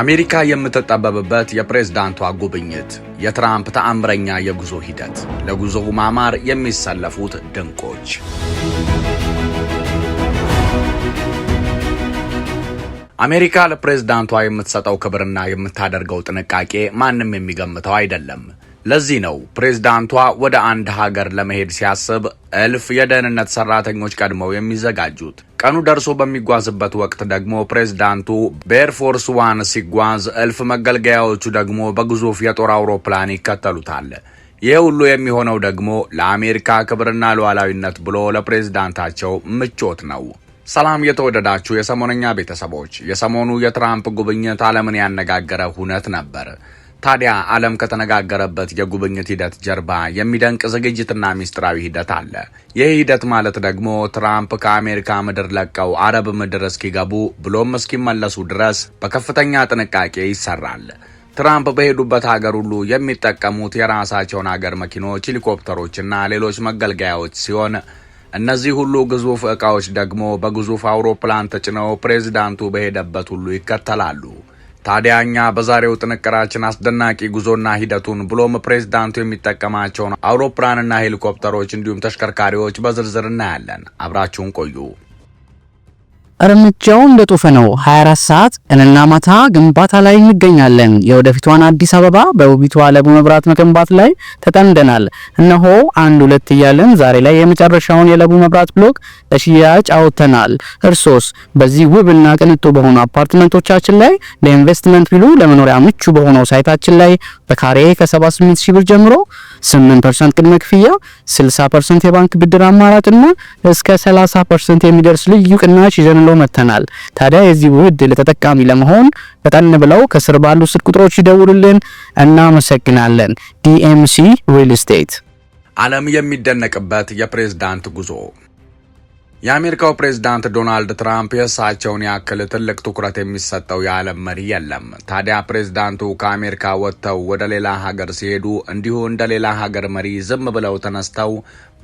አሜሪካ የምትጠበብበት የፕሬዝዳንቷ ጉብኝት፣ የትራምፕ ተአምረኛ የጉዞ ሂደት፣ ለጉዞው ማማር የሚሰለፉት ድንቆች። አሜሪካ ለፕሬዝዳንቷ የምትሰጠው ክብርና የምታደርገው ጥንቃቄ ማንም የሚገምተው አይደለም። ለዚህ ነው ፕሬዝዳንቷ ወደ አንድ ሀገር ለመሄድ ሲያስብ እልፍ የደህንነት ሰራተኞች ቀድመው የሚዘጋጁት። ቀኑ ደርሶ በሚጓዝበት ወቅት ደግሞ ፕሬዝዳንቱ በኤርፎርስ ዋን ሲጓዝ፣ እልፍ መገልገያዎቹ ደግሞ በግዙፍ የጦር አውሮፕላን ይከተሉታል። ይህ ሁሉ የሚሆነው ደግሞ ለአሜሪካ ክብርና ሉዓላዊነት ብሎ ለፕሬዝዳንታቸው ምቾት ነው። ሰላም የተወደዳችሁ የሰሞነኛ ቤተሰቦች፣ የሰሞኑ የትራምፕ ጉብኝት ዓለምን ያነጋገረ ሁነት ነበር። ታዲያ ዓለም ከተነጋገረበት የጉብኝት ሂደት ጀርባ የሚደንቅ ዝግጅትና ሚስጥራዊ ሂደት አለ። ይህ ሂደት ማለት ደግሞ ትራምፕ ከአሜሪካ ምድር ለቀው አረብ ምድር እስኪገቡ ብሎም እስኪመለሱ ድረስ በከፍተኛ ጥንቃቄ ይሰራል። ትራምፕ በሄዱበት ሀገር ሁሉ የሚጠቀሙት የራሳቸውን አገር መኪኖች፣ ሄሊኮፕተሮችና ሌሎች መገልገያዎች ሲሆን እነዚህ ሁሉ ግዙፍ ዕቃዎች ደግሞ በግዙፍ አውሮፕላን ተጭነው ፕሬዚዳንቱ በሄደበት ሁሉ ይከተላሉ። ታዲያ እኛ በዛሬው ጥንቅራችን አስደናቂ ጉዞና ሂደቱን ብሎም ፕሬዚዳንቱ የሚጠቀማቸውን አውሮፕላንና ሄሊኮፕተሮች እንዲሁም ተሽከርካሪዎች በዝርዝር እናያለን። አብራችሁን ቆዩ። እርምጃው እንደ ጦፈ ነው። 24 ሰዓት ቀንና ማታ ግንባታ ላይ እንገኛለን። የወደፊቷን አዲስ አበባ በውቢቷ ለቡ መብራት መገንባት ላይ ተጠምደናል። እነሆ አንድ ሁለት እያለን ዛሬ ላይ የመጨረሻውን የለቡ መብራት ብሎክ ለሽያጭ አውጥተናል። እርሶስ በዚህ ውብና ቅንጡ በሆኑ አፓርትመንቶቻችን ላይ ለኢንቨስትመንት ቢሉ ለመኖሪያ ምቹ በሆነው ሳይታችን ላይ በካሬ ከ78 ሺህ ብር ጀምሮ 8% ቅድመ ክፍያ፣ 60% የባንክ ብድር አማራጭና እስከ 30% የሚደርስ ልዩ ቅናሽ ይዘን ተጠቅልሎ መጥተናል። ታዲያ የዚህ ውድ ለተጠቃሚ ለመሆን ፈጠን ብለው ከስር ባሉ ስልክ ቁጥሮች ይደውሉልን። እናመሰግናለን። ዲኤምሲ ሪል ስቴት ዓለም የሚደነቅበት የፕሬዝዳንት ጉዞ የአሜሪካው ፕሬዝዳንት ዶናልድ ትራምፕ የእሳቸውን ያክል ትልቅ ትኩረት የሚሰጠው የዓለም መሪ የለም። ታዲያ ፕሬዝዳንቱ ከአሜሪካ ወጥተው ወደ ሌላ ሀገር ሲሄዱ እንዲሁ እንደ ሌላ ሀገር መሪ ዝም ብለው ተነስተው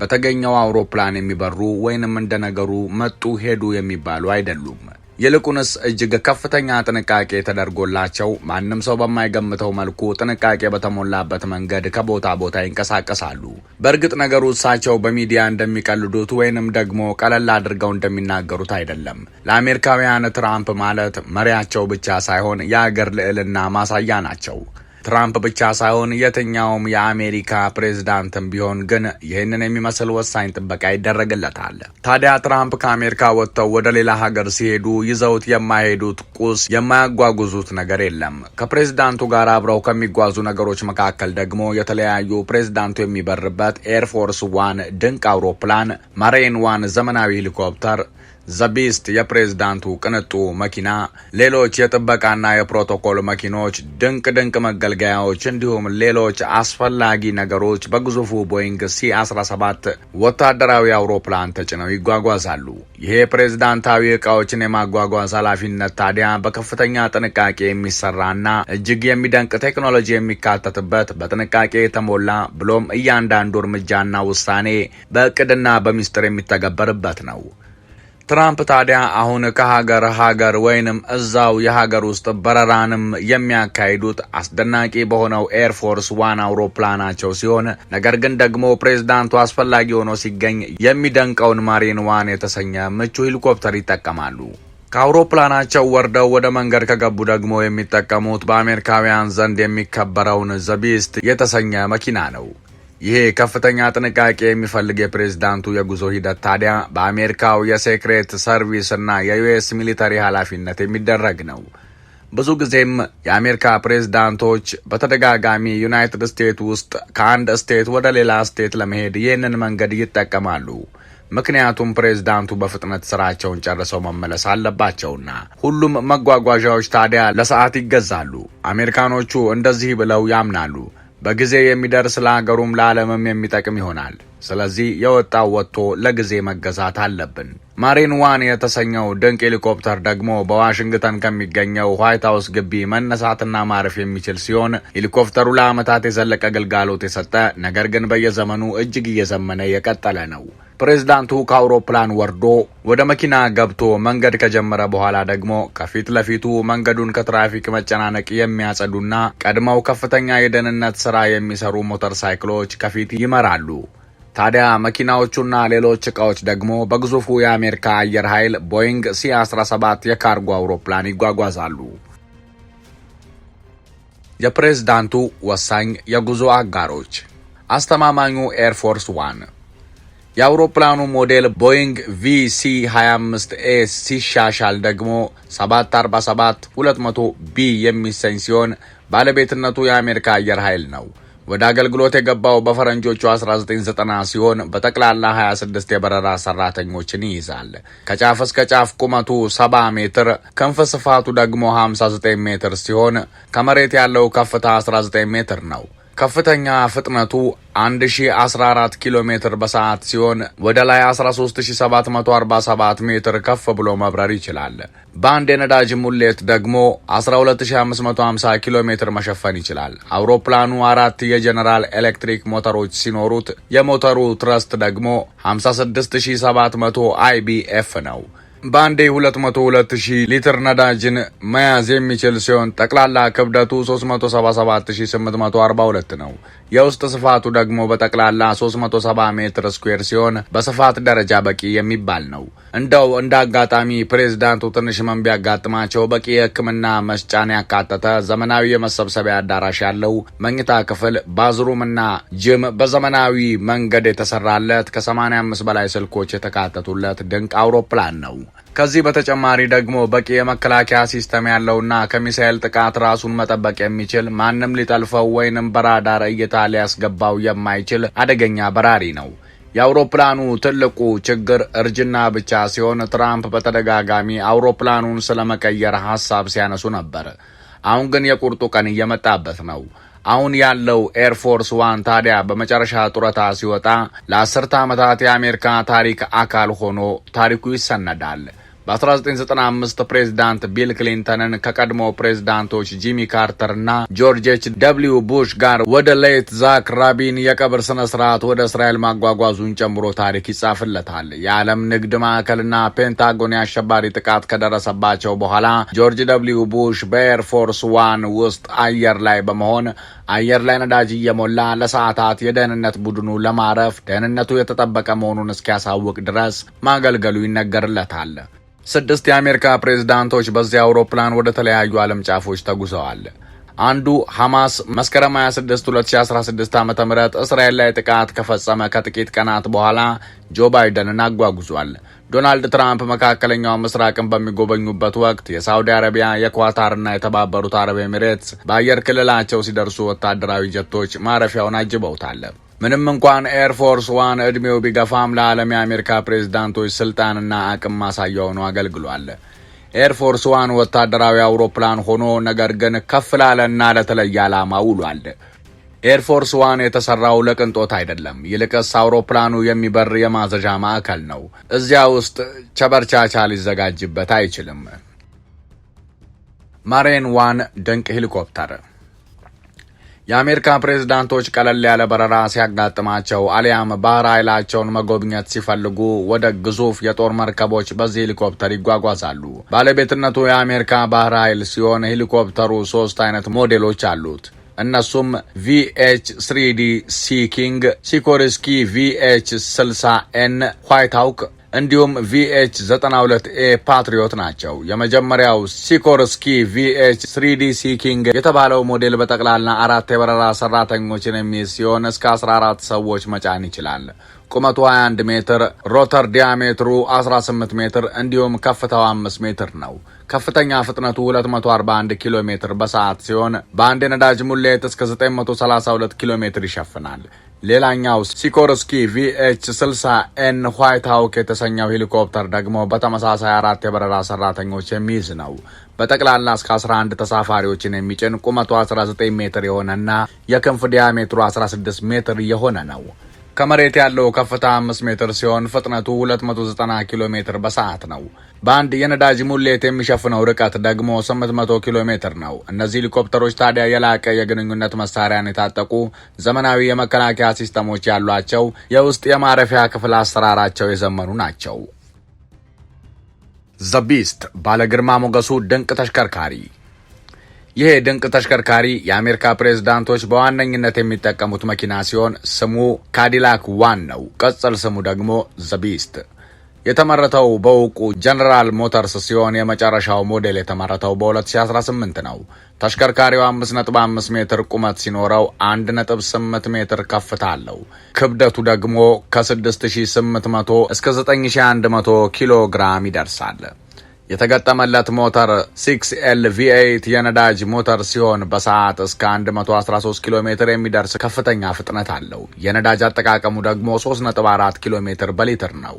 በተገኘው አውሮፕላን የሚበሩ ወይንም እንደነገሩ መጡ ሄዱ የሚባሉ አይደሉም። ይልቁንስ እጅግ ከፍተኛ ጥንቃቄ ተደርጎላቸው ማንም ሰው በማይገምተው መልኩ ጥንቃቄ በተሞላበት መንገድ ከቦታ ቦታ ይንቀሳቀሳሉ። በእርግጥ ነገሩ እሳቸው በሚዲያ እንደሚቀልዱት ወይንም ደግሞ ቀለል አድርገው እንደሚናገሩት አይደለም። ለአሜሪካውያን ትራምፕ ማለት መሪያቸው ብቻ ሳይሆን የአገር ልዕልና ማሳያ ናቸው። ትራምፕ ብቻ ሳይሆን የትኛውም የአሜሪካ ፕሬዝዳንትም ቢሆን ግን ይህንን የሚመስል ወሳኝ ጥበቃ ይደረግለታል። ታዲያ ትራምፕ ከአሜሪካ ወጥተው ወደ ሌላ ሀገር ሲሄዱ ይዘውት የማይሄዱት ቁስ፣ የማያጓጉዙት ነገር የለም። ከፕሬዝዳንቱ ጋር አብረው ከሚጓዙ ነገሮች መካከል ደግሞ የተለያዩ ፕሬዝዳንቱ የሚበርበት ኤርፎርስ ዋን ድንቅ አውሮፕላን፣ ማሬን ዋን ዘመናዊ ሄሊኮፕተር ዘቢስት የፕሬዝዳንቱ ቅንጡ መኪና፣ ሌሎች የጥበቃና የፕሮቶኮል መኪኖች፣ ድንቅ ድንቅ መገልገያዎች እንዲሁም ሌሎች አስፈላጊ ነገሮች በግዙፉ ቦይንግ ሲ17 ወታደራዊ አውሮፕላን ተጭነው ይጓጓዛሉ። ይሄ ፕሬዝዳንታዊ እቃዎችን የማጓጓዝ ኃላፊነት ታዲያ በከፍተኛ ጥንቃቄ የሚሰራና እጅግ የሚደንቅ ቴክኖሎጂ የሚካተትበት በጥንቃቄ የተሞላ ብሎም እያንዳንዱ እርምጃና ውሳኔ በእቅድና በሚስጥር የሚተገበርበት ነው። ትራምፕ ታዲያ አሁን ከሀገር ሀገር ወይንም እዛው የሀገር ውስጥ በረራንም የሚያካሂዱት አስደናቂ በሆነው ኤርፎርስ ዋን አውሮፕላናቸው ሲሆን ነገር ግን ደግሞ ፕሬዝዳንቱ አስፈላጊ ሆኖ ሲገኝ የሚደንቀውን ማሪን ዋን የተሰኘ ምቹ ሄሊኮፕተር ይጠቀማሉ። ከአውሮፕላናቸው ወርደው ወደ መንገድ ከገቡ ደግሞ የሚጠቀሙት በአሜሪካውያን ዘንድ የሚከበረውን ዘቢስት የተሰኘ መኪና ነው። ይሄ ከፍተኛ ጥንቃቄ የሚፈልግ የፕሬዝዳንቱ የጉዞ ሂደት ታዲያ በአሜሪካው የሴክሬት ሰርቪስ እና የዩኤስ ሚሊተሪ ኃላፊነት የሚደረግ ነው። ብዙ ጊዜም የአሜሪካ ፕሬዝዳንቶች በተደጋጋሚ ዩናይትድ ስቴትስ ውስጥ ከአንድ ስቴት ወደ ሌላ ስቴት ለመሄድ ይህንን መንገድ ይጠቀማሉ። ምክንያቱም ፕሬዝዳንቱ በፍጥነት ስራቸውን ጨርሰው መመለስ አለባቸውና ሁሉም መጓጓዣዎች ታዲያ ለሰዓት ይገዛሉ። አሜሪካኖቹ እንደዚህ ብለው ያምናሉ። በጊዜ የሚደርስ ለሀገሩም ለዓለምም የሚጠቅም ይሆናል። ስለዚህ የወጣው ወጥቶ ለጊዜ መገዛት አለብን። ማሪን ዋን የተሰኘው ድንቅ ሄሊኮፕተር ደግሞ በዋሽንግተን ከሚገኘው ዋይት ሀውስ ግቢ መነሳትና ማረፍ የሚችል ሲሆን ሄሊኮፕተሩ ለዓመታት የዘለቀ ግልጋሎት የሰጠ ነገር ግን በየዘመኑ እጅግ እየዘመነ የቀጠለ ነው። ፕሬዝዳንቱ ከአውሮፕላን ወርዶ ወደ መኪና ገብቶ መንገድ ከጀመረ በኋላ ደግሞ ከፊት ለፊቱ መንገዱን ከትራፊክ መጨናነቅ የሚያጸዱና ቀድመው ከፍተኛ የደህንነት ስራ የሚሰሩ ሞተር ሳይክሎች ከፊት ይመራሉ። ታዲያ መኪናዎቹና ሌሎች ዕቃዎች ደግሞ በግዙፉ የአሜሪካ አየር ኃይል ቦይንግ ሲ17 የካርጎ አውሮፕላን ይጓጓዛሉ። የፕሬዝዳንቱ ወሳኝ የጉዞ አጋሮች አስተማማኙ ኤርፎርስ ዋን የአውሮፕላኑ ሞዴል ቦይንግ ቪሲ 25 ኤ ሲሻሻል ደግሞ 747 200 ቢ የሚሰኝ ሲሆን ባለቤትነቱ የአሜሪካ አየር ኃይል ነው። ወደ አገልግሎት የገባው በፈረንጆቹ 1990 ሲሆን በጠቅላላ 26 የበረራ ሰራተኞችን ይይዛል። ከጫፍ እስከ ጫፍ ቁመቱ 70 ሜትር፣ ክንፍ ስፋቱ ደግሞ 59 ሜትር ሲሆን ከመሬት ያለው ከፍታ 19 ሜትር ነው። ከፍተኛ ፍጥነቱ 1014 ኪሎ ሜትር በሰዓት ሲሆን ወደ ላይ 13747 ሜትር ከፍ ብሎ መብረር ይችላል። በአንድ የነዳጅ ሙሌት ደግሞ 12550 ኪሎ ሜትር መሸፈን ይችላል። አውሮፕላኑ አራት የጀነራል ኤሌክትሪክ ሞተሮች ሲኖሩት የሞተሩ ትረስት ደግሞ 56700 አይቢኤፍ ነው። በአንዴ 202 ሊትር ነዳጅን መያዝ የሚችል ሲሆን ጠቅላላ ክብደቱ 377842 ነው። የውስጥ ስፋቱ ደግሞ በጠቅላላ 370 ሜትር ስኩዌር ሲሆን በስፋት ደረጃ በቂ የሚባል ነው። እንደው እንደ አጋጣሚ ፕሬዚዳንቱ ትንሽ ህመም ቢያጋጥማቸው በቂ የህክምና መስጫን ያካተተ ዘመናዊ የመሰብሰቢያ አዳራሽ ያለው መኝታ ክፍል ባዝሩምና ጅም በዘመናዊ መንገድ የተሰራለት ከ85 በላይ ስልኮች የተካተቱለት ድንቅ አውሮፕላን ነው። ከዚህ በተጨማሪ ደግሞ በቂ የመከላከያ ሲስተም ያለውና ከሚሳኤል ጥቃት ራሱን መጠበቅ የሚችል ማንም ሊጠልፈው ወይንም በራዳር እይታ ሊያስገባው የማይችል አደገኛ በራሪ ነው። የአውሮፕላኑ ትልቁ ችግር እርጅና ብቻ ሲሆን ትራምፕ በተደጋጋሚ አውሮፕላኑን ስለመቀየር ሀሳብ ሲያነሱ ነበር። አሁን ግን የቁርጡ ቀን እየመጣበት ነው። አሁን ያለው ኤርፎርስ ዋን ታዲያ በመጨረሻ ጡረታ ሲወጣ ለአስርተ ዓመታት የአሜሪካ ታሪክ አካል ሆኖ ታሪኩ ይሰነዳል። በ1995 ፕሬዚዳንት ቢል ክሊንተንን ከቀድሞ ፕሬዚዳንቶች ጂሚ ካርተርና ጆርጅ ኤች ደብሊው ቡሽ ጋር ወደ ሌት ዛክ ራቢን የቀብር ስነ ስርዓት ወደ እስራኤል ማጓጓዙን ጨምሮ ታሪክ ይጻፍለታል። የዓለም ንግድ ማዕከልና ፔንታጎን የአሸባሪ ጥቃት ከደረሰባቸው በኋላ ጆርጅ ደብሊው ቡሽ በኤርፎርስ ዋን ውስጥ አየር ላይ በመሆን አየር ላይ ነዳጅ እየሞላ ለሰዓታት የደህንነት ቡድኑ ለማረፍ ደህንነቱ የተጠበቀ መሆኑን እስኪያሳውቅ ድረስ ማገልገሉ ይነገርለታል። ስድስት የአሜሪካ ፕሬዝዳንቶች በዚህ አውሮፕላን ወደ ተለያዩ ዓለም ጫፎች ተጉዘዋል። አንዱ ሐማስ መስከረም 26 2016 ዓ ም እስራኤል ላይ ጥቃት ከፈጸመ ከጥቂት ቀናት በኋላ ጆ ባይደንን አጓጉዟል። ዶናልድ ትራምፕ መካከለኛው ምስራቅን በሚጎበኙበት ወቅት የሳውዲ አረቢያ የኳታርና የተባበሩት አረብ ኤሚሬትስ በአየር ክልላቸው ሲደርሱ ወታደራዊ ጀቶች ማረፊያውን አጅበውታል። ምንም እንኳን ኤርፎርስ ዋን እድሜው ቢገፋም ለዓለም የአሜሪካ ፕሬዝዳንቶች ስልጣንና አቅም ማሳያ ሆኖ አገልግሏል። ኤርፎርስ ዋን ወታደራዊ አውሮፕላን ሆኖ ነገር ግን ከፍ ላለና ለተለየ ዓላማ ውሏል። ኤርፎርስ ዋን የተሰራው ለቅንጦት አይደለም። ይልቅስ አውሮፕላኑ የሚበር የማዘዣ ማዕከል ነው። እዚያ ውስጥ ቸበርቻቻ ሊዘጋጅበት አይችልም። ማሬን ዋን ድንቅ ሄሊኮፕተር የአሜሪካ ፕሬዝዳንቶች ቀለል ያለ በረራ ሲያጋጥማቸው አሊያም ባህር ኃይላቸውን መጎብኘት ሲፈልጉ ወደ ግዙፍ የጦር መርከቦች በዚህ ሄሊኮፕተር ይጓጓዛሉ። ባለቤትነቱ የአሜሪካ ባህር ኃይል ሲሆን ሄሊኮፕተሩ ሶስት አይነት ሞዴሎች አሉት። እነሱም ቪኤች 3ዲ ሲኪንግ፣ ሲኮርስኪ ቪኤች 60 ኤን፣ ዋይት እንዲሁም ቪኤች 92 ኤ ፓትሪዮት ናቸው። የመጀመሪያው ሲኮርስኪ ቪኤች ስሪዲ ሲኪንግ የተባለው ሞዴል በጠቅላላ አራት የበረራ ሰራተኞችን የሚይዝ ሲሆን እስከ 14 ሰዎች መጫን ይችላል። ቁመቱ 21 ሜትር፣ ሮተር ዲያሜትሩ 18 ሜትር እንዲሁም ከፍታው 5 ሜትር ነው። ከፍተኛ ፍጥነቱ 241 ኪሎ ሜትር በሰዓት ሲሆን በአንድ የነዳጅ ሙሌት እስከ 932 ኪሎ ሜትር ይሸፍናል። ሌላኛው ሲኮርስኪ ቪኤች 60 ኤን ዋይት ሀውክ የተሰኘው ሄሊኮፕተር ደግሞ በተመሳሳይ አራት የበረራ ሰራተኞች የሚይዝ ነው። በጠቅላላ እስከ 11 ተሳፋሪዎችን የሚጭን ቁመቱ 19 ሜትር የሆነና የክንፍ ዲያሜትሩ 16 ሜትር የሆነ ነው። ከመሬት ያለው ከፍታ 5 ሜትር ሲሆን ፍጥነቱ 290 ኪሎ ሜትር በሰዓት ነው። በአንድ የነዳጅ ሙሌት የሚሸፍነው ርቀት ደግሞ 800 ኪሎ ሜትር ነው። እነዚህ ሄሊኮፕተሮች ታዲያ የላቀ የግንኙነት መሳሪያን የታጠቁ ዘመናዊ የመከላከያ ሲስተሞች ያሏቸው፣ የውስጥ የማረፊያ ክፍል አሰራራቸው የዘመኑ ናቸው። ዘቢስት ባለግርማ ሞገሱ ድንቅ ተሽከርካሪ ይህ ድንቅ ተሽከርካሪ የአሜሪካ ፕሬዝዳንቶች በዋነኝነት የሚጠቀሙት መኪና ሲሆን ስሙ ካዲላክ ዋን ነው። ቅጽል ስሙ ደግሞ ዘቢስት። የተመረተው በውቁ ጀነራል ሞተርስ ሲሆን የመጨረሻው ሞዴል የተመረተው በ2018 ነው። ተሽከርካሪው 5.5 ሜትር ቁመት ሲኖረው 1.8 ሜትር ከፍታ አለው። ክብደቱ ደግሞ ከ6800 እስከ 9100 ኪሎ ግራም ይደርሳል። የተገጠመለት ሞተር 6 ኤል 8 የነዳጅ ሞተር ሲሆን በሰዓት እስከ 113 ኪሎ ሜትር የሚደርስ ከፍተኛ ፍጥነት አለው። የነዳጅ አጠቃቀሙ ደግሞ 3.4 ኪሎ ሜትር በሊትር ነው።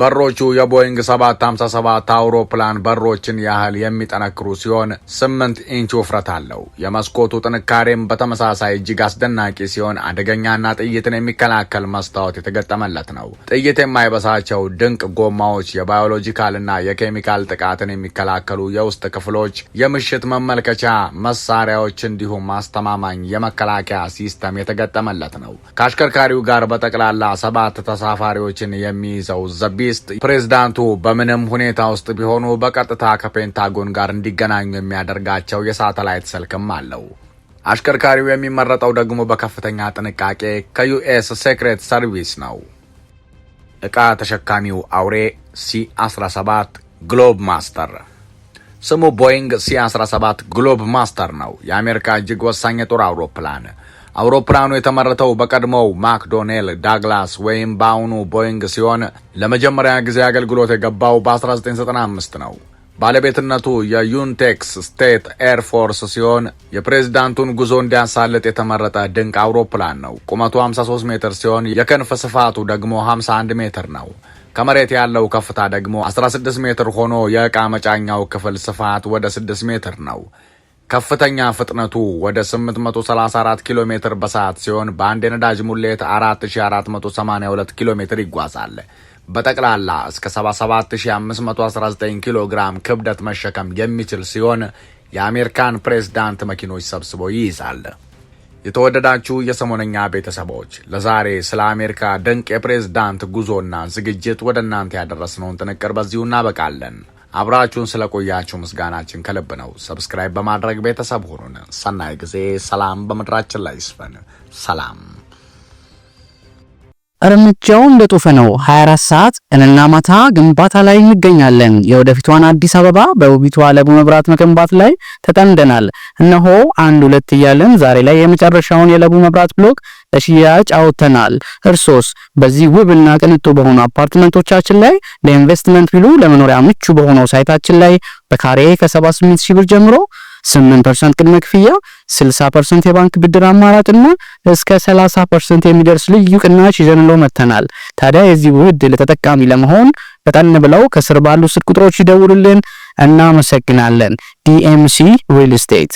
በሮቹ የቦይንግ 757 አውሮፕላን በሮችን ያህል የሚጠነክሩ ሲሆን 8 ኢንች ውፍረት አለው። የመስኮቱ ጥንካሬም በተመሳሳይ እጅግ አስደናቂ ሲሆን አደገኛና ጥይትን የሚከላከል መስታወት የተገጠመለት ነው። ጥይት የማይበሳቸው ድንቅ ጎማዎች፣ የባዮሎጂካልና የኬሚካል ጥቃትን የሚከላከሉ የውስጥ ክፍሎች፣ የምሽት መመልከቻ መሳሪያዎች እንዲሁም አስተማማኝ የመከላከያ ሲስተም የተገጠመለት ነው። ከአሽከርካሪው ጋር በጠቅላላ ሰባት ተሳፋሪዎችን የሚይዘው ዘቢ መንግስት ፕሬዝዳንቱ በምንም ሁኔታ ውስጥ ቢሆኑ በቀጥታ ከፔንታጎን ጋር እንዲገናኙ የሚያደርጋቸው የሳተላይት ስልክም አለው። አሽከርካሪው የሚመረጠው ደግሞ በከፍተኛ ጥንቃቄ ከዩኤስ ሴክሬት ሰርቪስ ነው። እቃ ተሸካሚው አውሬ ሲ17 ግሎብ ማስተር ስሙ ቦይንግ ሲ17 ግሎብ ማስተር ነው። የአሜሪካ እጅግ ወሳኝ የጦር አውሮፕላን አውሮፕላኑ የተመረተው በቀድሞው ማክዶኔል ዳግላስ ወይም በአሁኑ ቦይንግ ሲሆን ለመጀመሪያ ጊዜ አገልግሎት የገባው በ1995 ነው። ባለቤትነቱ የዩንቴክስ ስቴት ኤርፎርስ ሲሆን የፕሬዝዳንቱን ጉዞ እንዲያሳልጥ የተመረጠ ድንቅ አውሮፕላን ነው። ቁመቱ 53 ሜትር ሲሆን የክንፍ ስፋቱ ደግሞ 51 ሜትር ነው። ከመሬት ያለው ከፍታ ደግሞ 16 ሜትር ሆኖ የዕቃ መጫኛው ክፍል ስፋት ወደ 6 ሜትር ነው። ከፍተኛ ፍጥነቱ ወደ 834 ኪሎ ሜትር በሰዓት ሲሆን በአንድ የነዳጅ ሙሌት 4482 ኪሎ ሜትር ይጓዛል። በጠቅላላ እስከ 77519 ኪሎ ግራም ክብደት መሸከም የሚችል ሲሆን የአሜሪካን ፕሬዝዳንት መኪኖች ሰብስቦ ይይዛል። የተወደዳችሁ የሰሞነኛ ቤተሰቦች ለዛሬ ስለ አሜሪካ ድንቅ የፕሬዝዳንት ጉዞና ዝግጅት ወደ እናንተ ያደረስነውን ጥንቅር በዚሁ እናበቃለን። አብራችሁን ስለቆያችሁ ምስጋናችን ከልብ ነው። ሰብስክራይብ በማድረግ ቤተሰብ ሁኑን። ሰናይ ጊዜ። ሰላም በምድራችን ላይ ይስፈን። ሰላም። እርምጃው እንደጦፈ ነው። 24 ሰዓት ቀንና ማታ ግንባታ ላይ እንገኛለን። የወደፊቷን አዲስ አበባ በውቢቷ ለቡ መብራት መገንባት ላይ ተጠምደናል። እነሆ አንድ ሁለት እያለን ዛሬ ላይ የመጨረሻውን የለቡ መብራት ብሎክ ለሽያጭ አውጥተናል። እርሶስ በዚህ ውብና ቅንጡ በሆኑ አፓርትመንቶቻችን ላይ ለኢንቨስትመንት ቢሉ ለመኖሪያ ምቹ በሆነው ሳይታችን ላይ በካሬ ከ78 ሺህ ብር ጀምሮ 8% ቅድመ ክፍያ 60% የባንክ ብድር አማራጭና እስከ 30% የሚደርስ ልዩ ቅናሽ ይዘንሎ መተናል። ታዲያ የዚህ ውድ ለተጠቃሚ ለመሆን ፈጠን ብለው ከስር ባሉ ስልክ ቁጥሮች ይደውሉልን። እናመሰግናለን። ዲኤምሲ ሪል ስቴት